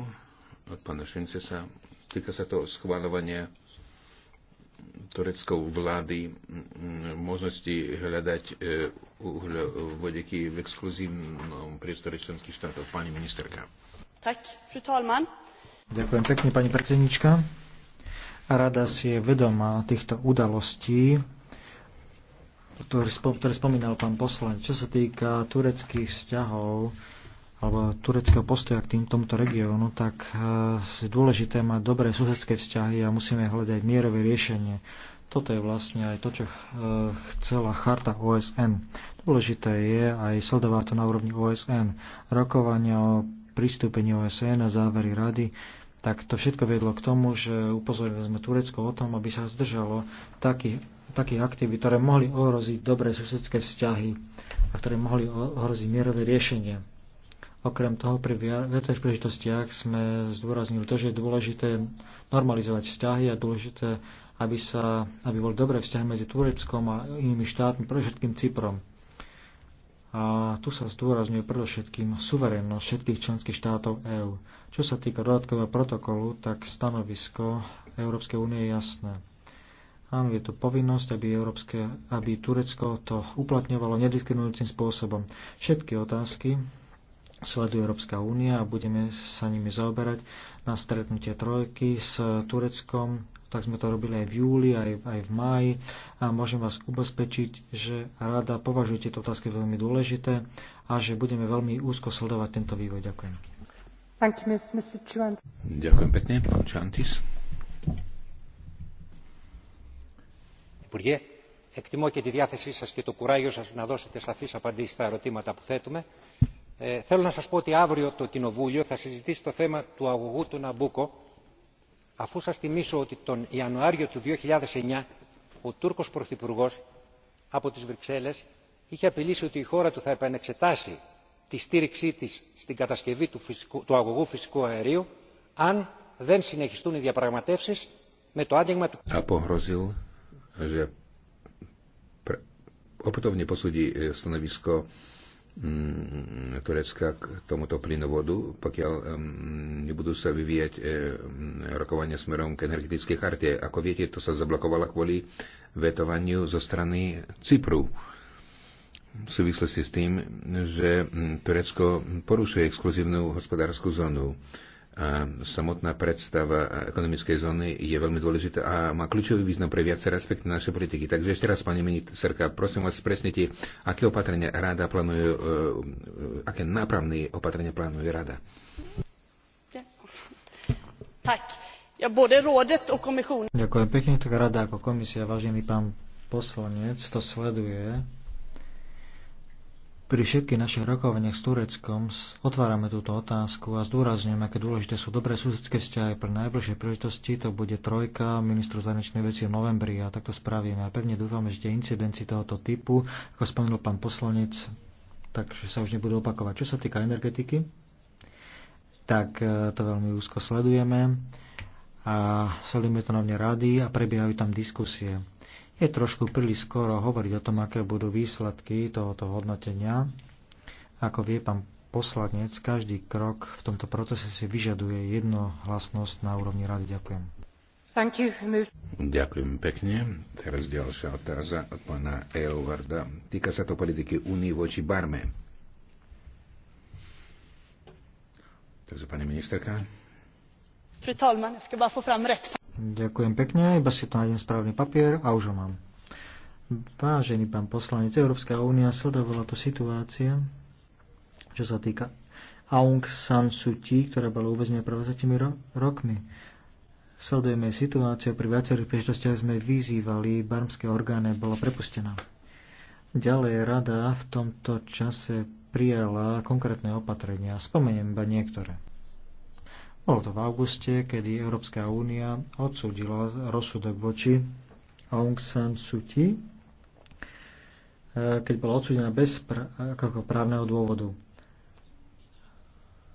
S4: od pána Šincesa. Týka sa to schváľovania tureckou vlády možnosti hľadať e, uhľovodiky v exkluzívnom priestore členských štátov. Pani ministerka.
S2: Tak,
S3: Ďakujem pekne, pani predsednička. Rada si je vedomá týchto udalostí, ktoré, spomínal pán poslanec. Čo sa týka tureckých vzťahov, alebo tureckého postoja k tým, tomuto regiónu, tak e, je dôležité mať dobré susedské vzťahy a musíme hľadať mierové riešenie. Toto je vlastne aj to, čo e, chcela charta OSN. Dôležité je aj sledovať to na úrovni OSN. Rokovania o pristúpení OSN a závery rady, tak to všetko viedlo k tomu, že upozorili sme Turecko o tom, aby sa zdržalo takých taký aktivít, ktoré mohli ohroziť dobré susedské vzťahy a ktoré mohli ohroziť mierové riešenie. Okrem toho pri viacerých príležitostiach sme zdôraznili to, že je dôležité normalizovať vzťahy a dôležité, aby, sa, aby boli dobré vzťahy medzi Tureckom a inými štátmi, predovšetkým Cyprom. A tu sa zdôrazňuje predovšetkým suverénnosť všetkých členských štátov EÚ. Čo sa týka dodatkového protokolu, tak stanovisko Európskej únie je jasné. Áno, je tu povinnosť, aby, Európske, aby Turecko to uplatňovalo nediskriminujúcim spôsobom. Všetky otázky, sleduje Európska únia a budeme sa nimi zaoberať na stretnutie trojky s Tureckom. Tak sme to robili aj v júli, aj, aj v máji a môžem vás ubezpečiť, že rada považuje tieto otázky veľmi dôležité a že budeme veľmi úzko sledovať tento vývoj. Ďakujem.
S4: Ďakujem pekne, pán Čantis. Υπουργέ, εκτιμώ και τη διάθεσή σας και το κουράγιο σας να δώσετε σαφείς απαντήσεις στα ερωτήματα που θέτουμε θέλω να σας πω ότι αύριο το κοινοβούλιο θα συζητήσει το θέμα του αγωγού του ναμπούκο αφού σας θυμίσω ότι τον ιανουάριο του δύο χιλιάδες ο τούρκος πρωθυπουργός από τις βρυξέλλες είχε απειλήσει ότι η χώρα του θα επανεξετάσει τη στήριξή της στην κατασκευή του αγωγού φυσικού αερίου αν δεν συνεχιστούν οι διαπραγματεύσεις με το άνοιγμα του... Απογρozil, že opätovne posúdi stanovisko Mm, Turecka k tomuto plynovodu, pokiaľ nebudú sa vyvíjať rokovania smerom k energetickej charte. Ako viete, to sa zablokovalo kvôli vetovaniu zo strany Cypru v súvislosti s tým, že mm, Turecko porušuje exkluzívnu hospodárskú zónu. A samotná predstava ekonomickej zóny je veľmi dôležitá a má kľúčový význam pre viaceré aspekty našej politiky. Takže ešte raz, pani ministerka, prosím vás, presnite, aké opatrenia rada plánuje, e, e, aké nápravné opatrenia plánuje rada.
S3: Ďakujem pekne, tak rada ako komisia, vážený pán poslanec, to sleduje pri všetkých našich rokovaniach s Tureckom otvárame túto otázku a zdôrazňujeme, aké dôležité sú dobré susedské vzťahy. Pre najbližšie príležitosti to bude trojka ministru zahraničnej veci v novembri a takto spravíme. A pevne dúfame, že tie incidenci tohoto typu, ako spomenul pán poslanec, takže sa už nebudú opakovať. Čo sa týka energetiky, tak e, to veľmi úzko sledujeme a sledujeme to na mne rady a prebiehajú tam diskusie. Je trošku príliš skoro hovoriť o tom, aké budú výsledky tohoto hodnotenia. Ako vie pán poslanec, každý krok v tomto procese si vyžaduje jednohlasnosť na úrovni rady. Ďakujem.
S4: Ďakujem pekne. Teraz ďalšia otázka od pána Eowarda. Týka sa to politiky Únie voči Barme.
S3: Takže, pani ministerka. Ďakujem pekne, iba si to nájdem správny papier a už ho mám. Vážený pán poslanec, Európska únia sledovala tú situáciu, čo sa týka Aung San Suu Kyi, ktorá bola uväznená pred 20 ro- rokmi. Sledujeme situáciu, pri viacerých príležitostiach sme vyzývali barmské orgány, bola prepustená. Ďalej rada v tomto čase prijala konkrétne opatrenia. Spomeniem iba niektoré. Bolo to v auguste, kedy Európska únia odsúdila rozsudok voči Aung San Suu Kyi, e, keď bola odsúdená bez právneho dôvodu.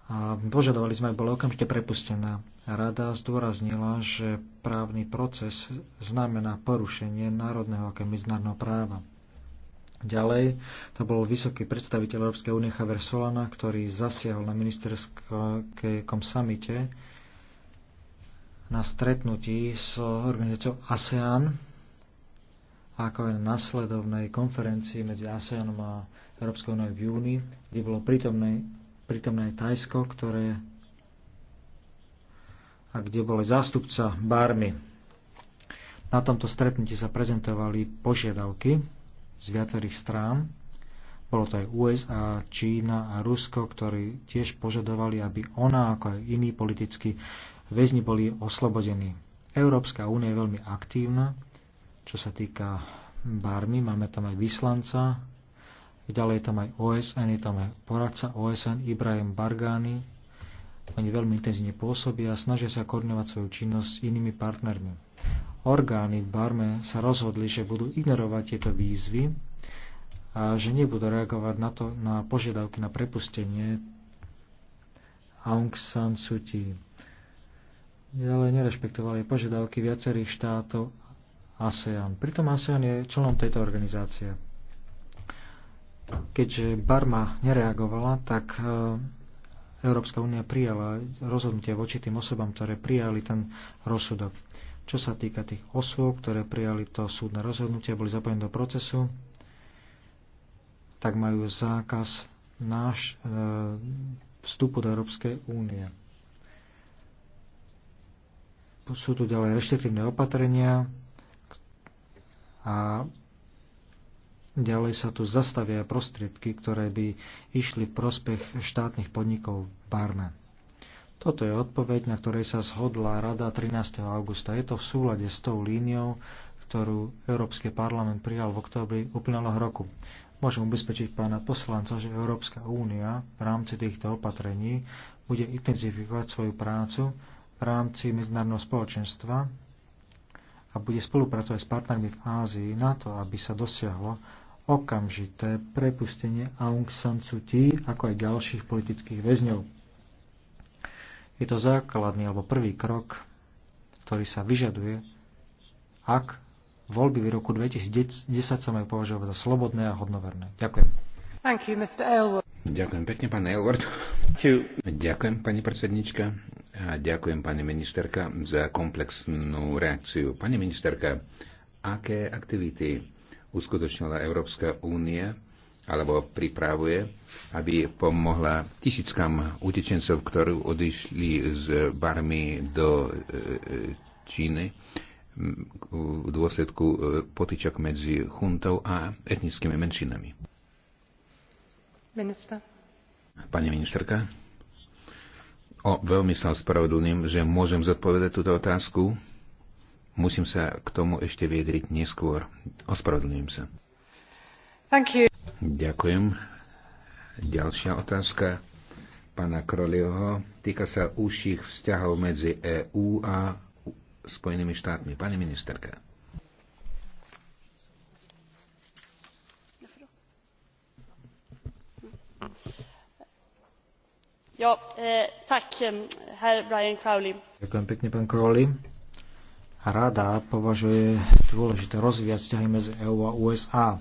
S3: A požadovali sme, aby bola okamžite prepustená. Rada zdôraznila, že právny proces znamená porušenie národného a medzinárodného práva. Ďalej, to bol vysoký predstaviteľ Európskej únie Haver Solana, ktorý zasiahol na ministerskom samite na stretnutí s organizáciou ASEAN, ako aj na nasledovnej konferencii medzi ASEANom a Európskou úniou v júni, kde bolo prítomné, prítomné Tajsko, ktoré a kde bol zástupca Barmy. Na tomto stretnutí sa prezentovali požiadavky z viacerých strán. Bolo to aj USA, Čína a Rusko, ktorí tiež požadovali, aby ona ako aj iní politickí väzni boli oslobodení. Európska únia je veľmi aktívna, čo sa týka Barmy. Máme tam aj vyslanca, ďalej je tam aj OSN, je tam aj poradca OSN Ibrahim Bargány. Oni veľmi intenzívne pôsobia a snažia sa koordinovať svoju činnosť s inými partnermi orgány v Barme sa rozhodli, že budú ignorovať tieto výzvy a že nebudú reagovať na, to, na požiadavky na prepustenie Aung San Suu Kyi. Ďalej nerešpektovali požiadavky viacerých štátov ASEAN. Pritom ASEAN je členom tejto organizácie. Keďže Barma nereagovala, tak e, Európska únia prijala rozhodnutie voči tým osobám, ktoré prijali ten rozsudok. Čo sa týka tých osôb, ktoré prijali to súdne rozhodnutie a boli zapojené do procesu, tak majú zákaz náš e, vstupu do Európskej únie. Sú tu ďalej reštriktívne opatrenia a ďalej sa tu zastavia prostriedky, ktoré by išli v prospech štátnych podnikov v Barme. Toto je odpoveď, na ktorej sa zhodla Rada 13. augusta. Je to v súlade s tou líniou, ktorú Európsky parlament prijal v októbri uplynulého roku. Môžem ubezpečiť pána poslanca, že Európska únia v rámci týchto opatrení bude intenzifikovať svoju prácu v rámci medzinárodného spoločenstva a bude spolupracovať s partnermi v Ázii na to, aby sa dosiahlo okamžité prepustenie Aung San Suu Kyi ako aj ďalších politických väzňov. Je to základný alebo prvý krok, ktorý sa vyžaduje, ak voľby v roku 2010 sa majú považovať za slobodné a hodnoverné.
S4: Ďakujem.
S1: Thank you, Mr.
S4: Ďakujem pekne, pán Elward. Ďakujem, pani predsednička. A ďakujem, pani ministerka, za komplexnú reakciu. Pani ministerka, aké aktivity uskutočnila Európska únia alebo pripravuje, aby pomohla tisíckam utečencov, ktorí odišli z Barmy do e, e, Číny v dôsledku e, potičok medzi chuntou a etnickými menšinami. Minister. Pani ministerka, o, veľmi sa ospravedlním, že môžem zodpovedať túto otázku. Musím sa k tomu ešte viedriť neskôr. Ospravedlňujem sa. Thank you. Ďakujem. Ďalšia otázka pána Krolieho týka sa úších vzťahov medzi EÚ a Spojenými štátmi. Pani ministerka.
S2: Ja, eh, tak, e, herr Brian Crowley.
S3: Ďakujem pekne, pán Crowley. Rada považuje dôležité rozvíjať vzťahy medzi EÚ a USA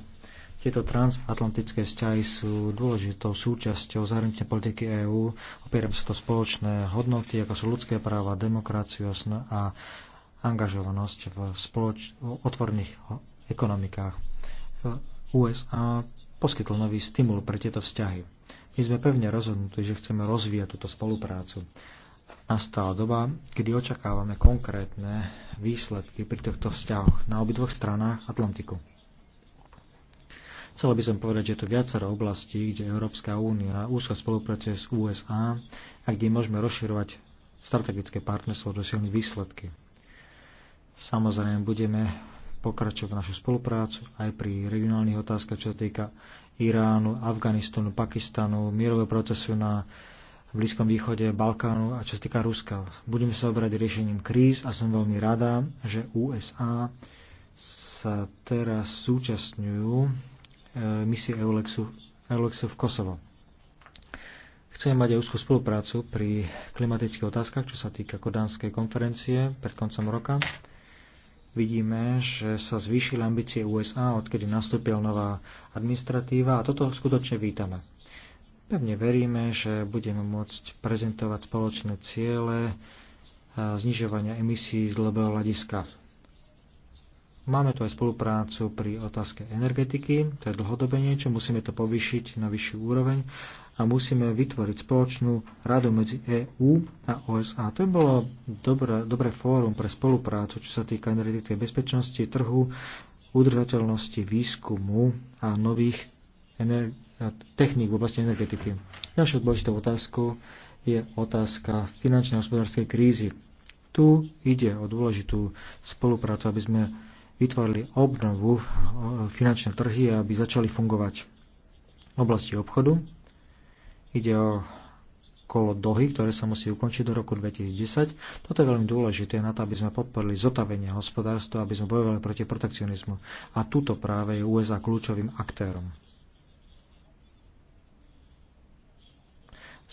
S3: tieto transatlantické vzťahy sú dôležitou súčasťou zahraničnej politiky EÚ. Opieram sa to spoločné hodnoty, ako sú ľudské práva, demokraciu a angažovanosť v spoloč- otvorných ekonomikách. USA poskytlo nový stimul pre tieto vzťahy. My sme pevne rozhodnutí, že chceme rozvíjať túto spoluprácu. Nastala doba, kedy očakávame konkrétne výsledky pri týchto vzťahoch na obidvoch stranách Atlantiku. Chcel by som povedať, že je to viacero oblastí, kde Európska únia úzko spolupracuje s USA a kde môžeme rozširovať strategické partnerstvo a silných výsledky. Samozrejme, budeme pokračovať našu spoluprácu aj pri regionálnych otázkach, čo sa týka Iránu, Afganistanu, Pakistanu, mierové procesu na Blízkom východe, Balkánu a čo sa týka Ruska. Budeme sa obrať riešením kríz a som veľmi rada, že USA sa teraz súčasňujú Eh, misie Eulexu, Eulexu v Kosovo. Chceme mať aj úzkú spoluprácu pri klimatických otázkach, čo sa týka Kodánskej konferencie pred koncom roka. Vidíme, že sa zvýšili ambície USA, odkedy nastúpila nová administratíva a toto skutočne vítame. Pevne veríme, že budeme môcť prezentovať spoločné ciele eh, znižovania emisí z dlhého hľadiska Máme tu aj spoluprácu pri otázke energetiky, to je dlhodobé niečo, musíme to povýšiť na vyššiu úroveň a musíme vytvoriť spoločnú radu medzi EÚ a OSA. To by bolo dobré, dobré fórum pre spoluprácu, čo sa týka energetickej bezpečnosti, trhu, udržateľnosti, výskumu a nových ener- techník v oblasti energetiky. Ďalšou dôležitou otázkou je otázka finančnej a hospodárskej krízy. Tu ide o dôležitú spoluprácu, aby sme vytvorili obnovu e, finančné trhy, aby začali fungovať v oblasti obchodu. Ide o kolo dohy, ktoré sa musí ukončiť do roku 2010. Toto je veľmi dôležité na to, aby sme podporili zotavenie hospodárstva, aby sme bojovali proti protekcionizmu. A tuto práve je USA kľúčovým aktérom.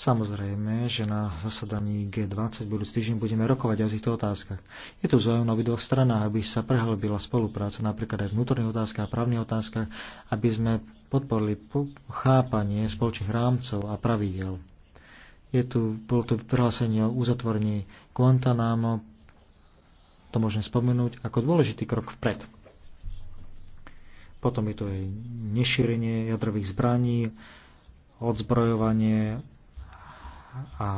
S3: Samozrejme, že na zasadaní G20 budúci týždeň budeme rokovať o týchto otázkach. Je tu záujem na obidvoch stranách, aby sa prehlbila spolupráca napríklad aj v vnútorných otázkach a právnych otázkach, aby sme podporili chápanie spoločných rámcov a pravidel. Je tu, bolo tu prehlásenie o uzatvorení Guantanamo, to môžem spomenúť ako dôležitý krok vpred. Potom je to aj nešírenie jadrových zbraní, odzbrojovanie a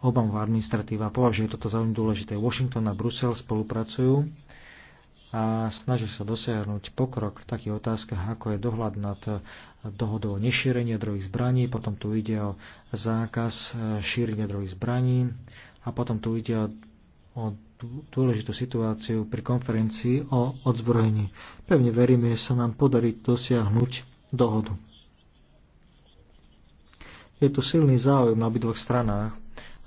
S3: Obamová administratíva považuje toto za veľmi dôležité. Washington a Brusel spolupracujú a snaží sa dosiahnuť pokrok v takých otázkach, ako je dohľad nad dohodou o nešírení jadrových zbraní, potom tu ide o zákaz e, šírenia jadrových zbraní a potom tu ide o, o dôležitú situáciu pri konferencii o odzbrojení. Pevne veríme, že sa nám podarí dosiahnuť dohodu. Je tu silný záujem na obidvoch stranách,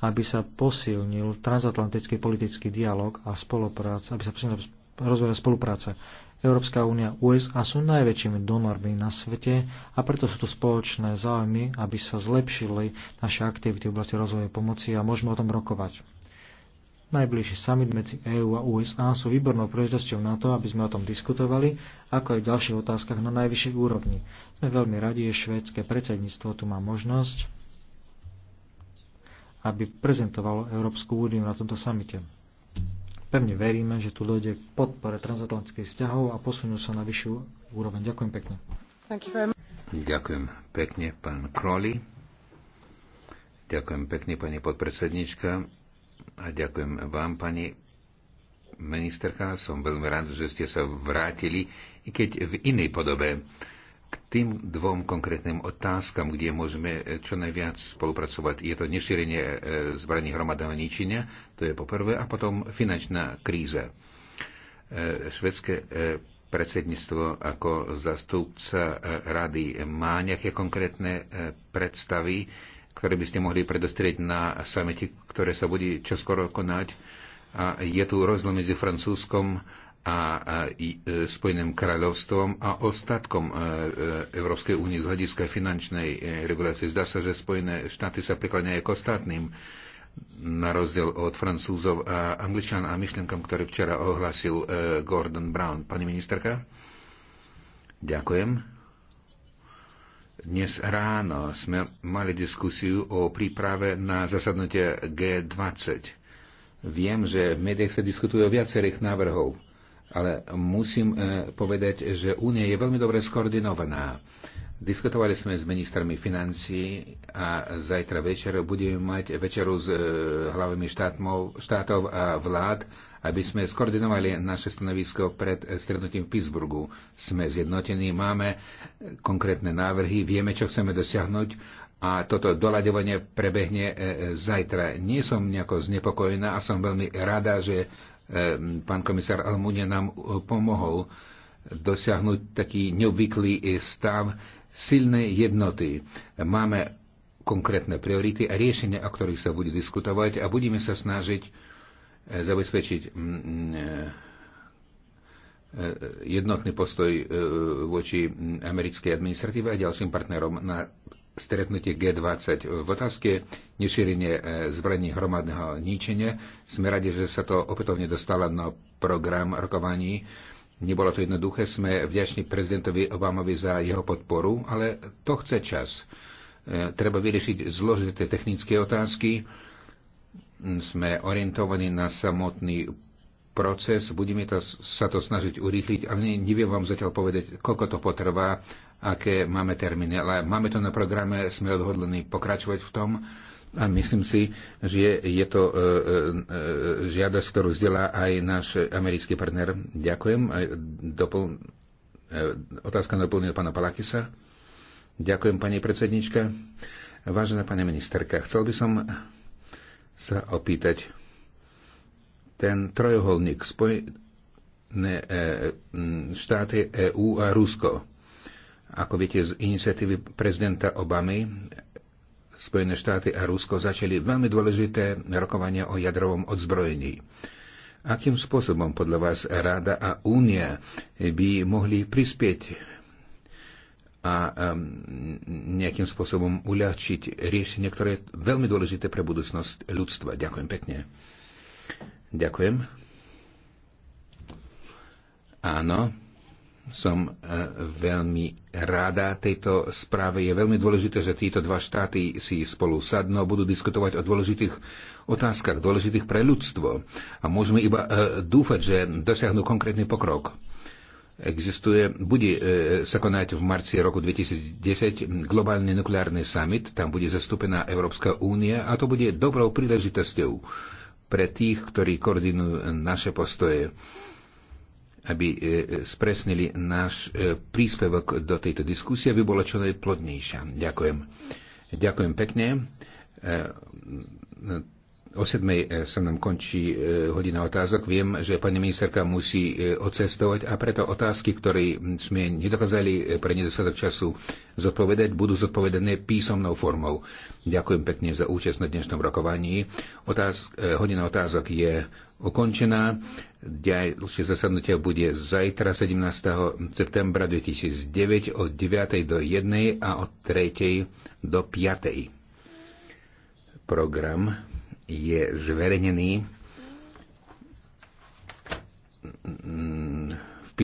S3: aby sa posilnil transatlantický politický dialog a spolupráca, aby sa posilnila rozvoja spolupráca. Európska únia USA sú najväčšími donormi na svete a preto sú tu spoločné záujmy, aby sa zlepšili naše aktivity v oblasti rozvoja pomoci a môžeme o tom rokovať. Najbližší summit medzi EÚ a USA sú výbornou príležitosťou na to, aby sme o tom diskutovali, ako aj v ďalších otázkach na najvyššej úrovni. Sme veľmi radi, že švédske predsedníctvo tu má možnosť, aby prezentovalo Európsku úniu na tomto samite. Pevne veríme, že tu dojde k podpore transatlantických vzťahov a posunú sa na vyššiu úroveň. Ďakujem pekne.
S4: Ďakujem pekne, pán Crowley. Ďakujem pekne, pani podpredsednička. A ďakujem vám, pani ministerka. Som veľmi rád, že ste sa vrátili, i keď v inej podobe. K tým dvom konkrétnym otázkam, kde môžeme čo najviac spolupracovať, je to nešírenie e, zbraní hromadného ničenia, to je poprvé, a potom finančná kríza. E, švedské e, predsedníctvo ako zastupca rady má nejaké konkrétne predstavy, ktoré by ste mohli predostrieť na samite, ktoré sa bude čoskoro konať. A je tu rozdiel medzi Francúzskom a, a i, e, Spojeným kráľovstvom a ostatkom e, e, Európskej únie z hľadiska finančnej e, regulácie. Zdá sa, že Spojené štáty sa prikláňajú k ostatným na rozdiel od Francúzov a Angličan a myšlienkam, ktoré včera ohlasil e, Gordon Brown. Pani ministerka? Ďakujem. Dnes ráno sme mali diskusiu o príprave na zasadnutie G20. Viem, že v médiách sa diskutuje o viacerých návrhov, ale musím eh, povedať, že Únia je veľmi dobre skoordinovaná Diskutovali sme s ministrami financí a zajtra večer budeme mať večeru s e, hlavami štátmov, štátov a vlád, aby sme skoordinovali naše stanovisko pred strednutím v Pittsburghu. Sme zjednotení, máme konkrétne návrhy, vieme, čo chceme dosiahnuť a toto doľadovanie prebehne e, zajtra. Nie som nejako znepokojená a som veľmi rada, že e, pán komisár Almunia nám pomohol dosiahnuť taký neobvyklý stav, silnej jednoty. Máme konkrétne priority a riešenia, o ktorých sa bude diskutovať a budeme sa snažiť eh, zabezpečiť mm, mm, eh, jednotný postoj eh, voči mm, americkej administratíve a ďalším partnerom na stretnutie G20 v otázke nešírenie zbraní hromadného ničenia. Sme radi, že sa to opätovne dostalo na program rokovaní Nebolo to jednoduché, sme vďační prezidentovi Obamovi za jeho podporu, ale to chce čas. E, treba vyriešiť zložité technické otázky. Sme orientovaní na samotný proces, budeme to, sa to snažiť urýchliť, ale neviem vám zatiaľ povedať, koľko to potrvá, aké máme termíny, ale máme to na programe, sme odhodlení pokračovať v tom a myslím si, že je to e, e, e, žiadosť, ktorú zdieľa aj náš americký partner. Ďakujem. Dopl- otázka na pána Palakisa. Ďakujem, pani predsednička. Vážená pani ministerka, chcel by som sa opýtať, ten trojuholník Spojené štáty EU a Rusko. Ako viete, z iniciatívy prezidenta Obamy Spojené štáty a Rusko začali veľmi dôležité rokovania o jadrovom odzbrojení. Akým spôsobom podľa vás Rada a Únia by mohli prispieť a nejakým spôsobom uľahčiť riešenie, ktoré je veľmi dôležité pre budúcnosť ľudstva? Ďakujem pekne. Ďakujem. Áno som e, veľmi rada tejto správe. Je veľmi dôležité, že títo dva štáty si spolu sadnú a budú diskutovať o dôležitých otázkach, dôležitých pre ľudstvo. A môžeme iba e, dúfať, že dosiahnu konkrétny pokrok existuje, bude e, sa konať v marci roku 2010 globálny nukleárny summit, tam bude zastúpená Európska únia a to bude dobrou príležitosťou pre tých, ktorí koordinujú naše postoje aby e, spresnili náš e, príspevok do tejto diskusie, aby bola čo najplodnejšia. Ďakujem. Ďakujem pekne. E, o 7. sa nám končí hodina otázok. Viem, že pani ministerka musí odcestovať a preto otázky, ktoré sme nedokázali pre nedostatok času zodpovedať, budú zodpovedané písomnou formou. Ďakujem pekne za účasť na dnešnom rokovaní. Otáz, hodina otázok je ukončená. Ďalšie zasadnutie bude zajtra 17. septembra 2009 od 9. do 1. a od 3. do 5. Program
S3: je zverejnený mm,